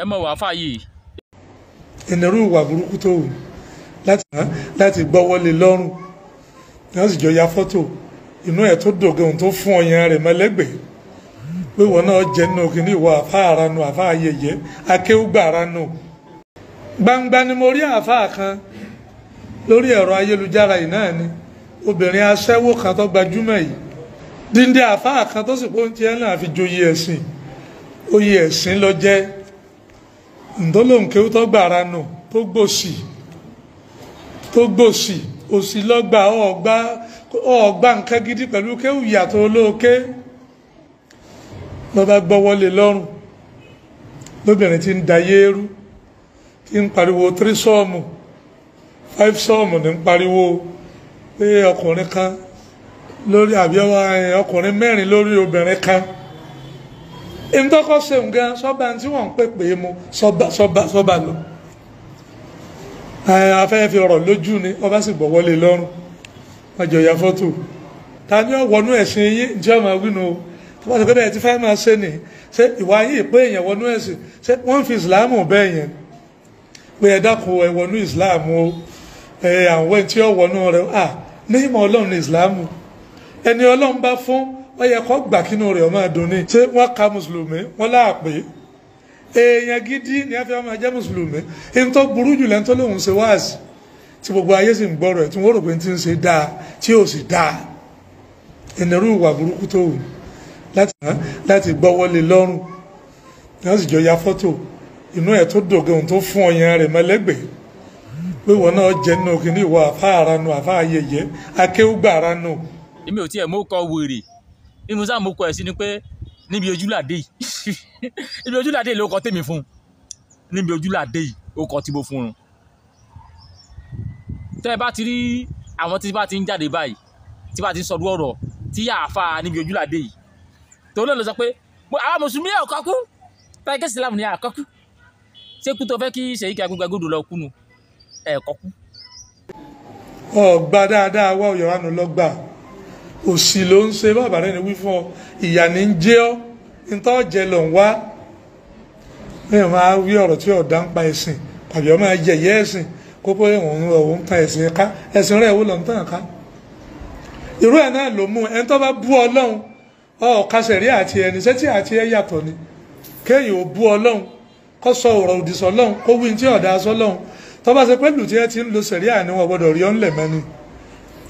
ẹ mọ̀ wá fàyè. ìnáwó ìwà burúkú tó wù láti gbọ́wọ́lé lọ́rùn náà sì jọ ya fọ́tò inú ẹ̀ tó dògé ohun tó fún ọyàn rẹ̀ mọ́lẹ́gbẹ̀ẹ́ pé wọn náà jẹ́ nínú kìíní ìwọ àfa àranu àfa ayẹyẹ akéwùgbà àranu gbangba ni mo rí àfa kan lórí ẹ̀rọ ayélujára yìí náà ni obìnrin aṣẹ́wó kan tó gbajúmọ̀ yìí díndín àfa kan tó sì pé oúnjẹ náà fi joyè ẹ̀sìn oyè ẹ̀sìn lọ jẹ́ ǹdọ́lóhùn kéwú tó gbàrà nù tó gbòsì tó gbòsì òsì lọ́gbà ọ̀gbà ọ̀gbà nǹkan gidi pẹ̀lú kéwú ìyàtọ̀ olóòké lọ́ba gbọ́wọ́lé lọ́rùn lóbìnrin tí ń da yéérú ń pariwo tírí sọ́ọ̀mù sọ́ọ̀mù ń pariwo pé ọkùnrin kan lórí ọkùnrin mẹ́rin lórí obìnrin kan. èmi tọ́kọ́ ṣeun gan sọ́ba tí wọ́n ń pè pé mo sọ́ba sọ́ba sọ́ba lọ afẹ́fẹ́ fi ọ̀rọ̀ lójú ni ọba sì bọ̀ wọlé lọ́rùn wọ́n jọ ya fọ́tò ta ni ó wọnú ẹ̀sìn yín ǹjẹ́ ọmọ wínú o tó bá ti pé bẹ́ẹ̀ ti fẹ́ máa ṣe nì ṣé ìwà yìí pé èèyàn wọnú ẹ̀sìn ṣé wọ́n fi ìsìláàmù bẹ́ẹ̀ yẹn pé ẹ dákun ẹ wọnú ìsìláàmù o ẹ àwọn tí ó wọnú rẹ à ní ìmọ̀ ọlọ́run ní ìsìláàmù ẹni ọlọ́run bá fún ó yẹ kó gbà kínú rẹ̀ ó máa dùn ni ṣé wọ́n ka mùsùlùmí wọ́n láàpè èèyàn gidi ni a fi máa jẹ́ mùsùlùmí ẹni tó burú jù lẹ́ni tó lóun ṣe wáàsì tí gbogbo ayé sì ń gbọ́rọ̀ ẹ̀ tí wọ́n rò pé ti ń ṣe dáa tí ò sì dáa ìnirú ìwà burúkú tó wù láti gbọ́wọ́lé lọ́rùn náà sì jọ ya fọ́tò inú ẹ̀ tó dògé ohun tó fún ọyàn rẹ̀ mọ́lẹ́gbẹ̀ẹ́ pé wọn náà jẹ́ nínú kìíní ìwọ àfáà aranu àfáà ayẹyẹ akéwùgbà aranu. èmi ò tiẹ̀ mú kọ wèrè bí mo sáà mo kọ ẹ̀ sí ni pé níbi ojúlàdé yìí níbi ojúlàdé yìí ló kọ tèmi fún un níbi ojúlàdé yìí ó kọ tí mo fún un tẹ́ ẹ bá ti rí àwọn tí bá ti ń jáde báyìí tí bá ti ń sọdú ọ̀rọ̀ tí yà á fa níbi ojúlàdé yìí tó náà lọ sọ pé àwọn mùsùlùmí yà ọ̀kọ́kú táyì kẹ́sì láàmù ni yà ọ̀kọ́kú ṣé kú tó fẹ́ kí ṣèyí kí agbègbè gbòdò lọ kú nu ẹ̀ẹ̀kọ́kú. ọ̀gbà dáadáa wá òyìnbó lọ òsì ló ń ṣe bàbá rẹ ni wí fún ọ ìyà ni ń jẹ ọ ntọ́ jẹ ló ń wá bẹ́ẹ̀ máa wí ọ̀rọ̀ tí ọ̀dà ń pa ẹ̀sìn tàbí ọmọ ẹ̀yẹ ẹ̀sìn kó bóyá òun òun ń tan ẹ̀sìn ká ẹ̀sìn rẹ̀ wò ló ń tàn ká irú ẹ̀ náà ló mú ẹni tó bá bú ọlọ́run ọ̀ọ́kasẹ̀ rí àti ẹni sẹ́tì àti ẹ̀ yàtọ̀ ni kéèyàn ò bú ọlọ́run kó sọ ọ̀rọ̀ òdì sọ́lọ́run kó wí ní tí ọ̀dà sọ́lọ́run tó bá ṣe pé lùtí ẹ ti ń lo sẹ̀ríà ni wọ́n gbọ́dọ̀ rí ọ́n lẹ̀ mẹ́ni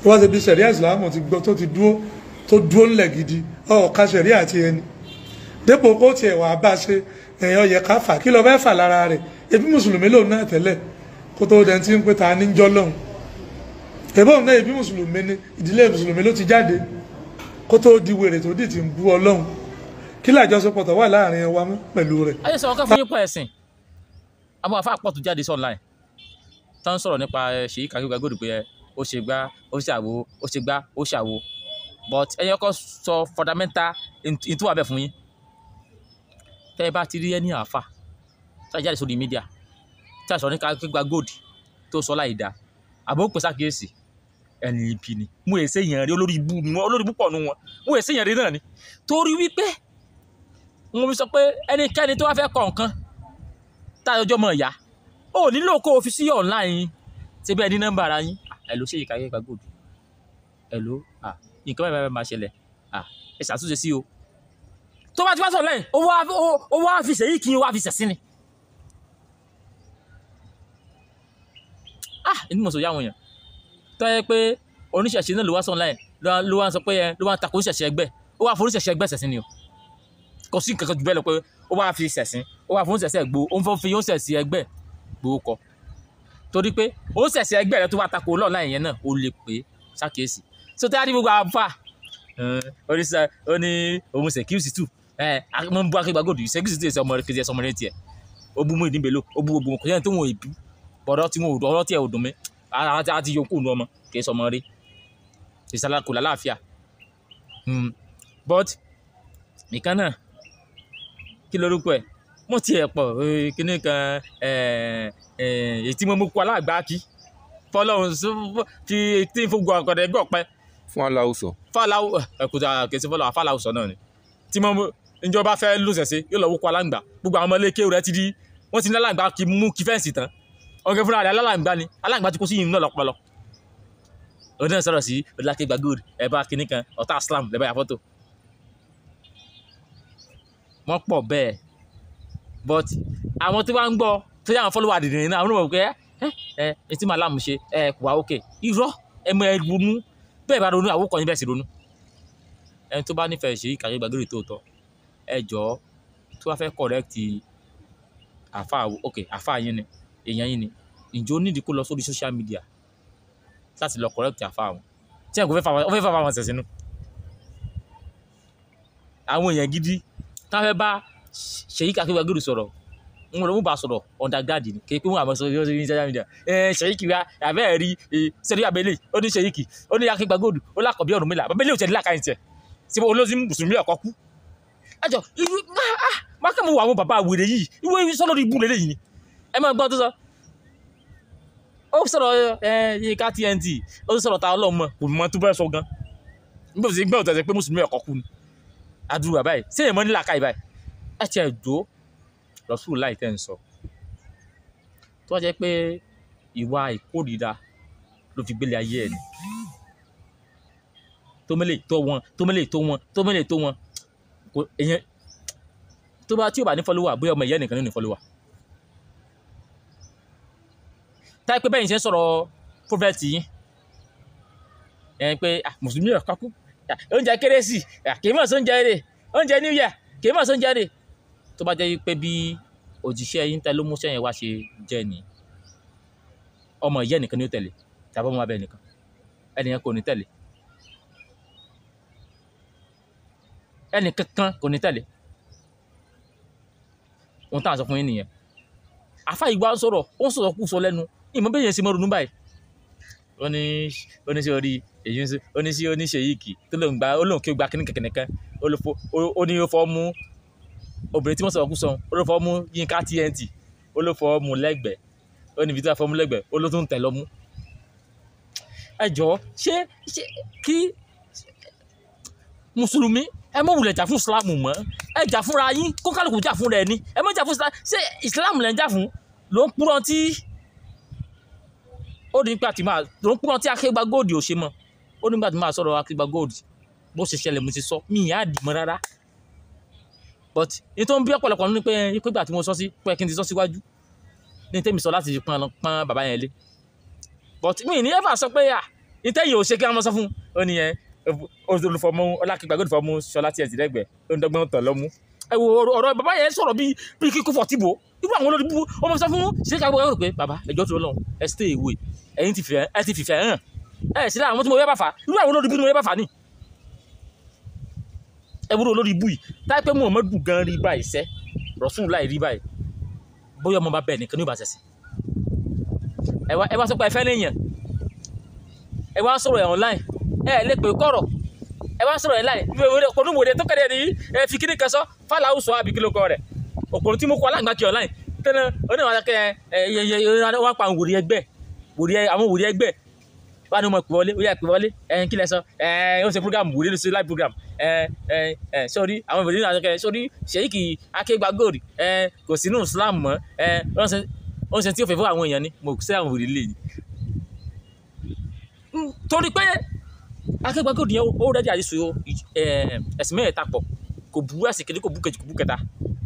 tó wá ṣe bí sẹ̀ríà ìsìlámù ti gbọ́ tó ti dúró tó dúró ńlẹ̀ gidi ọ̀ọ́ká sẹ̀ríà àti ẹni dépò kó tiẹ̀ wà bá ṣe ẹ̀yàn yẹ ká fà kí lọ fẹ́ fà lára rẹ̀ ebi mùsùlùmí lòun náà tẹ́lẹ̀ kó tó dẹ̀ ti ń pè ta ní jọ́lọ́hún ẹ̀bọ́n náà ebi mùsùlùmí ni ìdílé mùsùlùmí ló ti jáde kó tó di wèrè tó dì ti ń bú ọlọ́hun kí làjọṣepọ̀ tó wà láàrin wa mú pẹ̀lú rẹ̀. ayé sọ̀rọ̀ kan fún nípa ẹ̀sìn àwọn àfa àpọ̀tù jáde sọ̀rọ̀ láì tán sọ̀rọ̀ nípa eh, ṣèyí kàkígbà gbòdò pé eh, ó ṣe gbá ó ṣàwo ó ṣe gbá ó ṣàwo but ẹ̀yin ọkọ̀ sọ fundamental ìtú wà bẹ́ẹ̀ fún yín tẹ́ ẹ bá ti rí ẹni àáfà tá a jáde sórí mídíà tá a sọ ní kígba gold tó sọ láì dá àbó pèsè àkíyèsí NLP e ni mo lè ṣe èèyàn rí olórí ibú ni wọn olórí ibú pọ̀ nu wọn mo lè ṣe èèyàn rí náà ni torí wípé mo fi sọ pé ẹnikẹ́ni tó wá fẹ́ kọ̀ nǹkan tá a jọjọ́ mọ̀ ìyá ò nílò kó o fi sí online ṣe bẹ́ẹ̀ ní nọ́mbà ara yín ẹ̀ló ṣe ìkàyẹ́ ìgbà gòdù ẹ̀ló à nǹkan báyìí báyìí máa ṣẹlẹ̀ à ẹ ṣàtúnṣe sí o tó bá ti wá sọ lẹ́yìn owó àfisẹ̀ yìí kì í owó àfisẹ̀ sí ni. ah inú mọ̀ sọ yá àwọn èèyàn tó yẹ pé oníṣẹ̀ṣe náà ló wá sọ online ló wá sọ pé ẹ ló wá takò oníṣẹ̀ṣe ẹgbẹ́ ó wá foríṣẹ̀ṣe ẹgbẹ́ ṣẹ̀sìn ni o kò sí nǹkan kan jù bẹ́ẹ̀ lọ pé ó wá fi ṣẹ̀sìn ó wá foríṣẹ̀ṣe ẹgbó ó ń fọ́ fi ó ṣẹ̀sìn ẹgbẹ́ gbowó kọ torí pé ó ṣẹ̀ṣẹ̀ ẹgbẹ́ rẹ tó bá takò lọ́ọ̀ láì yẹn náà ó lè pè é ṣàkíyèsí so tí a rí gbogbo àbá eh, oríṣà ó ní òun ṣèkíyèsí tù ẹ mo ń bú akébàgòdì ṣèkíyèsí tù ẹsẹ ọmọ rẹ kejì ẹsẹ ọmọ rẹ tiẹ ó bú mú ìdínbèlò ó bú gbogbo kòtẹ́ni tó wọn èbí bọ̀dọ̀ tí wọn ọ̀rọ̀ tí ẹ ò dùn mí àti yòókù nu ọmọ kìí sọmọ rí ìsàlá kò lálàáfíà hmm. but nìkan náà kí lorúkọ ẹ̀ wọ́n ti ẹ̀ pọ̀ kíní kan ètí mo mú kó alágbá kí fọlọ́run kí tí fúngun ọ̀kọ̀dẹ̀ gbọ̀ pẹ́. fún aláwùsọ. fáláwù ẹ̀kúta kèsì fọlọ́ àfáláwùsọ náà ni tí mo ìjọba fẹ́ lùsẹ̀ sí yóò lọ wó kó alágbá gbogbo àwọn ọmọléke rẹ ti di wọ́n ti ní alágbá kí mú kí fẹ́ǹsì tán ọ̀gẹ́ fúnra rẹ̀ alágbá ni alágbá ti kó sí ìyìn náà lọ́pọlọ òun náà sọ̀rọ̀ sí ọ̀dọ́lákẹ́gbà good ẹ̀bá kìnnìkan ọ̀tá Islam lẹ́bàá yà fọ́tò wọ́n pọ̀ bẹ́ẹ̀ but àwọn tó bá ń gbọ́ tó yà wọn fọ́lọ́wà dìdìrín náà àwọn ọmọ pé ẹ ẹ etí màá láàmú ṣe ẹ kò wá òkè irọ́ ẹ mọ ẹ ronú bẹ́ẹ̀ bá ronú àwòkọ́ yín bẹ́ẹ̀ sì ronú ẹni tó bá nífẹ̀ẹ́ ṣe ìkàwé gbàgede tòótọ́ ẹ jọ tó bá fẹ́ correct àfa ok àfa yín ni èèyàn yín ni ǹjẹ́ ó nídìí kó lọ sórí social media láti lọ correct àfa wọn tí ẹ kò fẹ́ fà wọn ṣẹ̀ṣẹ̀ nù àwọn èèyàn gidi táwọn fẹ́ bá Sheikh Akebagiru sọ̀rọ̀ n wọn bá sọ̀rọ̀ undergrad ni kì í pé wọn àmọ́ sọ̀rọ̀ lórí social media ẹ Sheikh wa àbẹ́ ẹ̀rí sẹ́rí abẹ́lé ó ní Sheikh ó ní Akebagiru ó lákọ̀bí ọ̀rùn mìlá abẹ́lé ò tẹ̀lé làkàyìn tiẹ̀ sí olóòsì mùsùlùmí ọ̀kọ́ kú. ẹjọ irú máa kà mọ àwọn bàbá àwèrè yìí ìwé sọ́nà ìbú lélẹ̀ yìí ẹ máa gbọ́ tó sọ. ó sọ̀rọ̀ ẹ Yinka TNT ó sọ̀rọ̀ ta ọlọ́mọ kò mọ tó bẹ́ẹ̀ sọ gan nígbà tó ti gbẹ́ òtẹ́tẹ́ pé mùsùlùmí ọ̀kọ́ kú ni adúrú bàbá yìí sẹ́yìn mọ́ nílà káyìí báyìí ẹ tiẹ̀ jó lọ́sùn láì tẹ̀ ń sọ tó wá jẹ́ pé ìwà ìkórìíra ló fi gbélé ayé ẹ̀ ni tómẹ́lẹ̀ tó wọn tómẹ́lẹ̀ tó wọn tómẹ́lẹ̀ tó wọn kò ẹ̀yẹn tó bá tí ò bá ní fọ́lọ́wà bóyá ọmọ ìyá nìkan ló ní fọ́lọ́wà táyé pé bẹ́ẹ̀ ń ṣe ń sọ̀rọ̀ prophet yín ẹ̀yìn pé ah, mùsùlùmí ọ̀kákú ah, oúnjẹ kérésì ah, kì í mọ̀ sóúnjẹ rè oúnjẹ new year kì í mọ̀ sóúnjẹ rè tó bá jẹ́ pé bí òjíṣẹ́ yín tẹ́ ló mú iṣẹ́ yẹn wá ṣe jẹ́ ni ọmọ ìyá ẹnìkan ni ó tẹ̀lé tàbí ọmọ abẹ ẹnìkan ẹnìyẹn kò ní tẹ̀lé ẹnì kankan kò ní tẹ̀lé ohun táwọn sọ fún yín nìyẹn àfa ìgbà ń sọ̀rọ̀ ó ń sọ̀rọ̀ kù sọ lẹ́nu ìmọ̀ bẹ́ẹ̀ yẹn sì mọ́ ronú báyìí oníṣẹ́ orí èyí oníṣẹ́ oníṣẹ́ yìí kì tó ló gba ó kí ó gba kíní kẹ̀kẹ́ nìkan ó ní ó fọ́ mú obìnrin tí wọ́n sọ̀rọ̀ kú sọ ó ló fọwọ́ mú Yínká TNT ó ló fọwọ́ mú lẹ́gbẹ̀ẹ́ ó níbi tí wọ́n fọwọ́ mú lẹ́gbẹ̀ẹ́ ó ló tún tẹ̀ lọ́mú. ẹ jọ̀ọ́ ṣé ṣé kí mùsùlùmí ẹ mọ̀ wùlẹ̀ jà fún ìsìláàmù mọ́ ẹ jà fúnra yín kó jà fún rẹ̀ ni ẹ mọ̀ jà fún ìsìláàmù ṣé ìsìláàmù lẹ̀ ń jà fún ló ń kúrọ̀ tí ó ní gbàtí máa ló ń kúrọ̀ tí Akégbà Gold ò ṣe mọ́ ó ní gbàtí máa sọ̀rọ̀ Akégbà Gold bó ṣe ṣẹlẹ̀ mo ti sọ mí ìyá àdìmọ́ rárá but ní tó ń bí ọ̀pọ̀lọpọ̀ ní pé pípa tí mo sọ sí pé kí n ti sọ síwájú ní tèmi sọ láti pọn pọn bàbá yẹn lé but mi ní ever sọ pé à ní tẹ́yìn ò ṣe kí wọ́n mọ sọ fún ó nìyẹn olùfọmọ ọlákìgbà olùfọmọ sọlá tiẹ̀ tìrẹ́gbẹ̀ olùdọ́gbọ́n tọ̀ lọ́mú ẹ wo ọ̀rọ̀ bàbá yẹn sọ̀rọ̀ bíi bíi kíkú fọ̀ tìbò irú àwọn olórí búburú ọmọ sọ fún ṣèkà gbọ́dọ̀ pé bàbá ẹjọ́ tó lọ́hùn ẹ stay away ẹ̀yin ti fìfẹ́ hàn ẹ̀ sí láwọn tí mo yẹ bá fà irú àwọn olórí búburú mo yẹ bá fà nìyí ẹwúrò lórí ibú yìí táyé pé Muhammadu gan rí báyìí sẹ́ Rasulullah rí báyìí bóyá ọmọ bá bẹ̀ nìkan ní ìbàṣẹ̀sì ẹ wá sọ pé ẹ fẹ́ léèyàn ẹ wá sọ̀rọ̀ ẹ̀ online ẹ lè pè kọ̀rọ̀ ẹ wá sọ̀rọ̀ ẹ̀ láì onúmọ̀dé tó kẹ́rẹ́ nìyí ẹ fi kíní kan sọ fáláwù sọ àbí kí ló tí mo kọ aláǹgbá kí online tẹ́lẹ̀ oníwà kẹ́ ẹ ẹ wọ́n pa wòrí ẹgbẹ́ àwọn wòrí ẹgbẹ́ wọn ni mo pè wọlé ó yà pè wọlé ẹ kí lẹ sọ ẹ ó ṣe program wòrí ló ṣe live program ẹ ẹ ẹ sórí àwọn ìbòjú náà kẹ sórí ṣèyíkì akégbágòrì ẹ kò sínú Islam mọ́ ẹ oúnjẹ tí o fẹ́ fún àwọn èèyàn ni mo sẹ́ àwọn òrì lè ní. torí pé akégbágòrì yẹn ó rẹ́dí àdìsú ẹ̀sìn mẹ́ẹ̀ẹ́ta pọ̀ kò bu ẹ̀sìn kejì kò bu kejì kò bu kẹta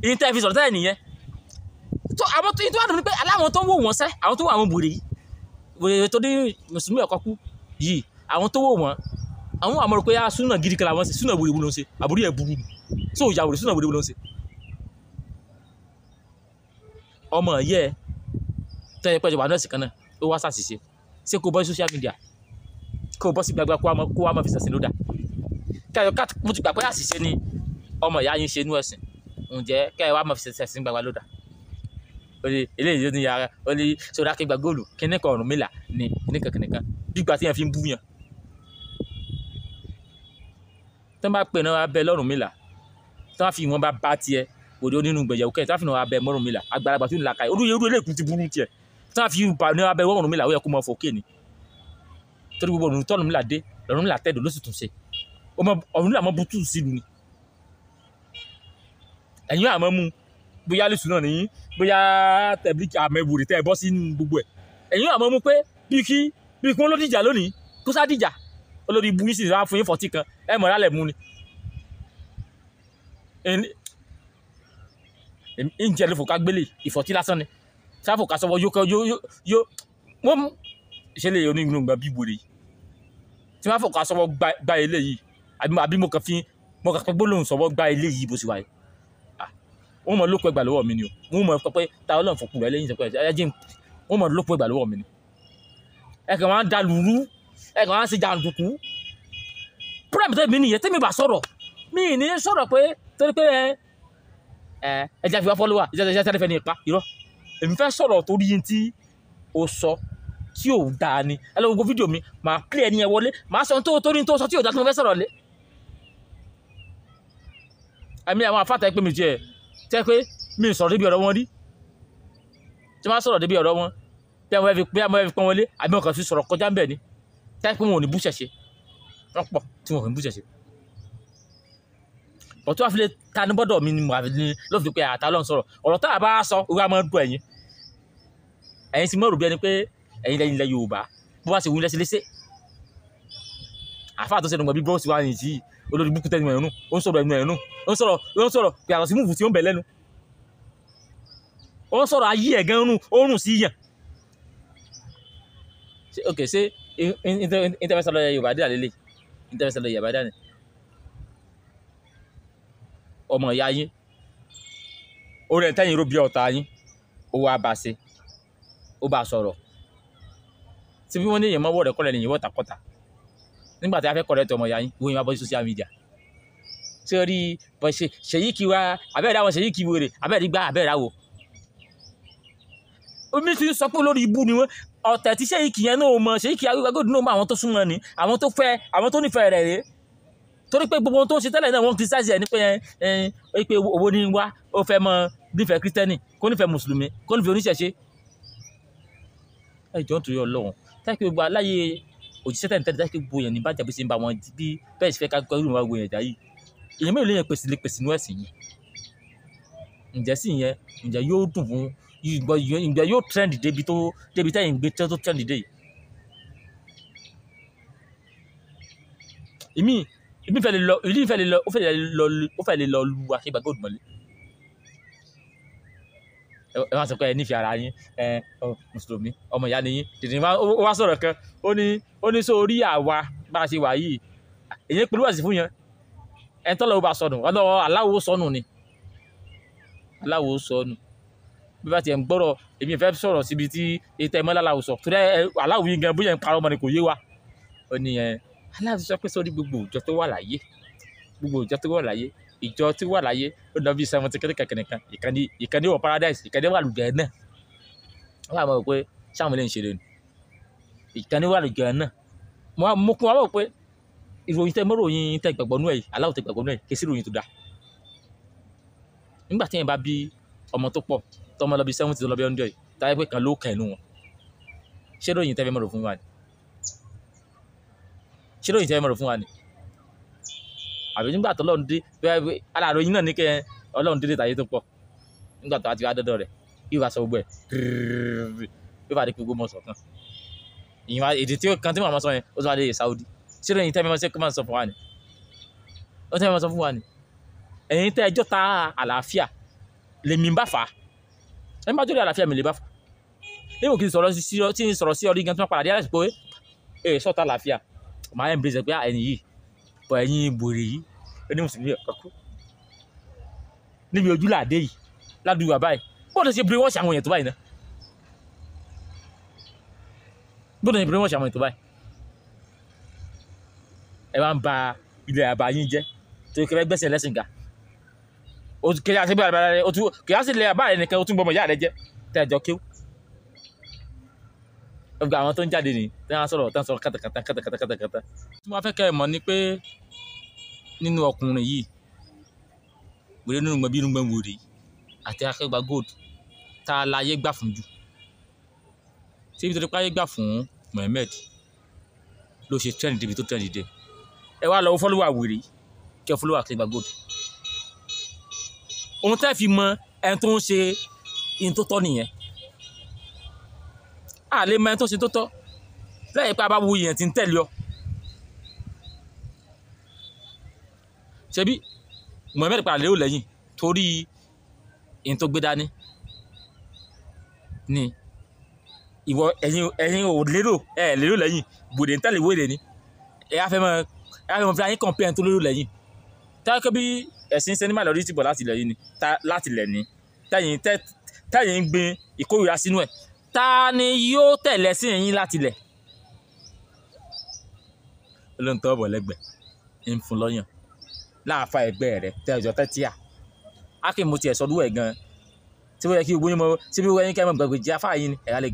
ìyẹn tẹ́ fi sọ̀rọ̀ tẹ́lẹ̀ nìyẹn tó àwọn tó wà dùn ní pé aláwọn tó wò wọ́n sẹ́ àwọn tó wà àwọn bòrè yìí bòrè tó ní mùsùlùmí ọ̀kọ́ kú yìí àwọn tó wò wọ́n àwọn àmọ́ pé a ah, súnà gidi kan làwọn ṣe súnà wèrè wúlò ń ṣe àbúrí ẹ̀ burú so ìyá wèrè súnà wèrè wúlò ń ṣe. ọmọ yẹ tẹ́yẹ pẹ́jọ wà nọ́ọ̀sì kan náà ó wá ṣàṣìṣe ṣé kò bọ́ sí social media kò bọ́ sí gbàgbà kó wá máa fi ṣẹ̀sìn ló dà kẹyọ káàtì mo ti gbà pé àṣìṣe ni ọmọ ìyá yín ṣe inú ẹ̀sìn ǹjẹ́ kẹyọ wá máa fi ṣẹ̀sìn gbàgbà ló dà eléyìí ló ní yàrá ó ní sọdá kí gba góòlù kíníkan ọ̀rùn mìlá ni kíníkan kíníkan bí gbà tí yẹn fi ń bú yàn tó bá pè náà abẹ lọ́rùn mi là tó bá fi ìwọ̀n bá bá tiẹ̀ òde onínú gbẹ̀yẹ̀wò kẹ́ tó bá fi náà abẹ mọ́rùn mi là àgbàlagbà tó ń làkàyè olú yorùbá lè kún ti burú tiẹ̀ tó bá fi náà abẹ mọ́rùn mi là ó yẹ kó mọ fòkè ni torí gbogbo ọ̀run tọ́lùmí là dé lọ́rùn là tẹ́dọ̀ ló sì tún ṣe ọ̀run là mọ́ butú sílu ni ẹ̀yin àmọ́ mu bóyá lùsùn náà nìyí bóyá tẹ̀blíkì àmẹ́wòrì tẹ́ ẹ bọ́ sínú gbogbo ẹ̀ ẹ̀yin àmọ́ mu pé bí kí olórí ibu yín sì wá fún yín fọ́tí kan ẹ mọ̀ rálẹ̀ mú ni. ǹjẹ́ ló fòkà gbélé ìfọ́tí lásán ni sáfò ká sọ́wọ́ yóò kọ́ yóò yóò wọ́n ṣẹlẹ̀ onígbòǹgbà bíbo rèé tí wọ́n fòkà sọ́wọ́ gba eléyìí àbí mo kàn fi mo kàn pẹ́ gbólóhùn sọ́wọ́ gba eléyìí bó ṣe wáyé wọ́n mọ̀ lópin ẹgbà lọ́wọ́ mi ni o wọ́n mọ̀ pé ta ọlọ́run fòkù rẹ̀ lẹ́yìn ìṣẹ́pẹ́ ẹ jẹ́ wọ́n mọ̀ lópin ẹgbà lọ́wọ́ mi ni ẹ kàn wọ́n á da lùrú ẹ̀ kàn án sí jàǹdùkú problem tẹ́mi nìyẹn tẹ́mi bá sọ̀rọ̀ mi ní sọ̀rọ̀ pé torí pé ẹ ẹ jẹ́ àfihàn fọ́lọ́wà ìjọba ìjọba ìjọba ìfẹ́ nípa irọ́ èmi fẹ́ sọ̀rọ̀ torí yín tí o sọ tí ò dáa ni ẹ lọ gbogbo fídíò mi màá play ẹni ẹ wọlé màá sọ tó torí tó sọ tí ò dáa tí mo fẹ́ sọ̀rọ̀ lé ẹ̀mí àwọn afáàtà pé mi jẹ tẹ́ pé mi sọ̀rọ̀ débi ọ̀rọ̀ wọn rí tí wọ́n sọ̀rọ̀ débi ọ̀rọ̀ wọn bí àwọn ẹ̀fí pọ́n wọlé àbí wọn kàn fi sọ̀rọ̀ kọjá ń bẹ̀ ni táyì pé wọn ò ní búṣẹ̀ ṣe wọ́n pọ̀ tí wọn ò ní búṣẹ̀ ṣe bọ̀tú wàá fi lè ta ní bọ́dọ̀ mi ni mo àfi ní lọ́fi pé àtà lọ́n sọ̀rọ̀ ọ̀rọ̀ tá a bá sọ orí wa máa ń dùn ẹ̀yìn ẹ̀yìn sì mọ̀rò bí ẹni pé ẹ̀yìn lẹ́yìn ilẹ̀ Yorùbá bó bá ṣe wù lẹ́sẹ̀ lẹ́sẹ̀ àfa àtọ́sẹ̀ nígbà bí bọ́ọ̀sì wa nìyí olórí búkú tẹnu ẹ̀rún ó ń sọ̀rọ̀ ẹ̀nu ẹ̀rún ó ń sọ̀rọ̀ ó ń sọ̀rọ̀ pé àtọ̀ sí múùfù tí ó ń bẹ̀ lẹ́nu ó ń sọ̀rọ̀ ayé ẹ̀ gan-an ó rùn sí yàn ok ṣé ìtẹ́fẹ́ sọ̀rọ̀ Yorùbá dà lélẹ̀ ìtẹ́fẹ́ sọ̀rọ̀ Yorùbá dà ní ọmọ ìyá yín orí ẹ̀tẹ́yìn ró bí ọ̀tá yín ó wá bá ṣe ó bá sọ̀rọ̀ tí bí wọ́n ní èèyàn mọ́wọ́ rẹ̀ nígbà tí a fẹ́ kọ́lẹ̀ tó ọmọ ìyá yín wọ́n yẹn wá bọ́ sí social media tí ó rí bọ́ ṣe ṣèyí kí wá abẹ́rẹ́ àwọn ṣèyí kí wèrè abẹ́rẹ́ gbá abẹ́rẹ́ àwò omi ti ń sọ pé olórí ibú ni wọ́n ọ̀tẹ̀ tí ṣéyìkì yẹn náà mọ̀ ṣéyìkì Awikonko náà mọ̀ àwọn tó súnmọ́ ni àwọn tó fẹ́ àwọn tó nífẹ̀ẹ́ rẹ̀ rèé torí pé gbogbo ohun tó ń ṣe tẹ́lẹ̀ náà wọ́n criticize ẹ̀ ní pé ẹ̀ pé owó ní wá ó fẹ́ mọ nífẹ̀ẹ́ kírísítẹ́nì kó nífẹ̀ẹ́ mùsùlùmí kó nífẹ̀ẹ́ oníṣẹ̀ṣe ẹ jọ̀ọ́ nítorí Ọlọ́run táyì pé gbogbo aláyé òjíṣẹ́ tẹ̀ ń tẹ́lẹ̀ táyì pé gbogbo yẹn ní bàjẹ́ bó ṣe ń ba wọn bí bẹ́ẹ̀ ṣe fẹ́ ká gbọ́ ìrùmọ̀ gbogbo yẹn dá yìí èèyàn mélòó lè yẹn pèsè lè pèsè inú ẹ̀sìn yìí ǹjẹ́ sì yẹn ǹjẹ́ yóò dùn fún ìgbẹ́ yóò trend débi tó débi tẹ́yìn gbé tó trend dé yìí. èmi èmi fẹ́ lè lọ èmi fẹ́ lè lọ ó fẹ́ lè lọ ó fẹ́ lè lọ lu àṣegbà gold mọ́lẹ̀ ẹ wá sọ pé ẹ nífẹ̀ẹ́ ara yín ẹ mùsùlùmí ọmọ ìyá nìyí tètè ó wá sọ̀rọ̀ kan ó ní ó ní sọ orí àwa bá a ṣe wà yìí èyí pẹ̀lú àṣìfù yẹn ẹ tọ́lọ̀ ó bá sọnù ọlọ́wọ́ aláwo sọnù ni aláwo sọnù bí bá tiẹ̀ ń gbọ́rọ̀ èmi fẹ́ sọ̀rọ̀ síbi tí ètò ẹ̀mọ́ láláwù sọ torí aláwù yìí gan bóyá ń parọ́ ọmọ ni kò yé wa ó ní ẹ aláwù sọ pé sórí gbogbo ìjọ tó wà láyé gbogbo ìjọ tó wà láyé ìjọ tó wà láyé ó lọ bí seventy kiri kankan nìkan ìkànnì ìkànnì wọ paradise ìkànnì wà lùgẹ̀ náà wọ́n á mọ̀ pé sáwọn eléyìí ń ṣe lónìí ìkànnì wà lùgẹ̀ náà mo kún wa mọ̀ pé ìròyìn tẹ mọ́ròyìn tẹ gbàgbọ́ nú ẹ̀ aláwù tẹ gbàgbọ́ nú ẹ̀ kí sí ìròyìn tó dáa nígbà tí yẹn bá bí ọmọ tó pọ̀ tọmọ lọ bí seventy tó lọ bí hundred táyé pé kan ló kàn inú wọn ṣé ròyìn tẹ́fẹ́ mọ̀rọ̀ fún wa ni ṣé ròyìn tẹ́fẹ́ mọ̀rọ̀ fún wa ni àbí nígbà tó lọ́run dé bẹ́ẹ̀ ara ròyìn náà ní kẹ́ ọlọ́run dé tàyé tó pọ̀ nígbà tó wá ti wá dọ́dọ̀ rẹ̀ yóò sọ gbogbo ẹ̀ yóò wá di gbogbo mọ̀ sọ̀kan ìyẹn èdè tí kan tí màmá sọ yẹn ó sọ wá dé Saudi ṣé ròyìn tẹ́fẹ́ mọ̀ sọ fún wa ni ó tẹ́fẹ́ mọ̀ sọ fún wa ni ẹ̀yin tẹ́ ẹjọ́ ta àlàáfíà lèmi ń bá fà á ẹni bá tó rí àlàáfíà mi lè bá fún ewu kì í sọ̀rọ̀ sí ń sọ̀rọ̀ sí ọdí gan tó máa padà dé aláìsí pé ee sọ̀tà àlàáfíà màá ẹ̀ ń bèrè pé ẹ̀yìn yìí bọ̀ ẹ̀yìn bòrè yìí ó ní mùsùlùmí ọ̀kọ́kú níbi ojú làdé yìí ládùúgbò àbáyé bóòdù ṣe bèrè wọ́n ṣe àwọn èèyàn tó báyìí náà bóòdù ṣe bèrè wọ́n ṣe àwọn èèyàn ba ilẹ̀ àbáyín jẹ́ torí kẹfẹ́ gbẹ́sẹ̀ o kì í àti bàbá rẹ o tún kì í á sì lè bàbá nìkan o tún bọmọ ìyá rẹ jẹ tẹjọ kíw gbogbo àwọn tó ń jáde nìyí tí wọn sọ̀rọ̀ tí wọn sọ̀rọ̀ kàtàkàtà kàtàkàtà kàtàkàtà tí wọn fẹ́ kẹ́ ẹ mọ̀ ni pé nínú ọkùnrin yìí wèrè nínú gbọ̀n bí inú gbọ̀n wèrè àti akẹgbà gold tá a la ayé gbà fún jù tí ibi tó ti pa ayé gbà fún Mohammed ló ṣe tẹ́rìn débi tó tẹ́rìn dé ẹ wá lọ fọ́lọ́wà wèrè kí ẹ fọ́lọ́wà akẹgbà gold òun tẹ́ fi mọ ẹni tó ń ṣe ẹni tó tọ́ nìyẹn a lè mọ ẹni tó ṣe tó tọ́ lẹ́yìn pé a bá wo ìyẹn ti ń tẹ̀lé ọ ṣebí Mohammed padà lérò lẹ́yìn torí ẹni tó gbé dání ni ìwọ ẹ̀yin ẹ̀yin ò lérò ẹ̀ lérò lẹ́yìn gbòdè ń tẹ̀lé wèrè ni ẹ̀ á fẹ́ mọ ẹ̀ á fẹ́ mọ fi ayé kàn pé ẹni tó lérò lẹ́yìn táyọ̀kẹ́ bí ẹ̀sìn ṣe ní màlọ́rí ti bọ̀ láti ilẹ̀ ni láti ilẹ̀ ni tẹ̀yìn tẹ̀yìn ń gbin ìkórìíra sínú ẹ̀ ta ni yóò tẹ̀lẹ̀ sí ẹ̀yìn láti ilẹ̀ olóńtọ́ ọ̀bọ̀ lẹ́gbẹ̀ẹ́ ń fún lọ́yàn láàfa ẹgbẹ́ rẹ̀ tẹ́jọ́ tẹ́tíà akin mo tiẹ̀ sọdún ẹ̀ gan tí wọ́n yẹ kí gbogbo yín mọ tí wọ́n yẹ kí ẹ mọ̀ gbàgbé jẹ́ afá yín ẹ̀yà lè.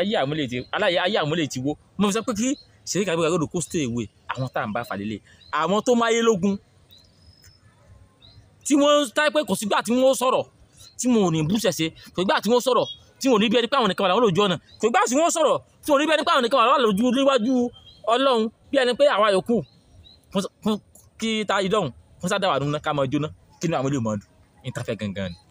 ayé àmúlẹ̀ ti wó mo sọ pé kí ṣèlérí kàbí kàgọ́dọ̀ coastal away àwọn tá à ń bá fàlélẹ̀ àwọn tó máyé lógún tí wọ́n táyé pé kò sígbà tí wọ́n sọ̀rọ̀ tí wọn ò ní bú ṣẹ̀ṣẹ̀ kò sígbà tí wọ́n sọ̀rọ̀ tí wọn ò ní bí ẹni pé àwọn nìkan wà láwọn lójú ọ̀nà kò sígbà tí wọ́n sọ̀rọ̀ tí wọn ò ní bí ẹni pé àwọn nìkan wà lójú níwájú ọlọ́run bí ẹni pé àwa yòókù kí ta idọ́hùn fún sádàwà nù ká máa jóná kí ni àwọn ilé mọ́ ní tafẹ́ gangan ni.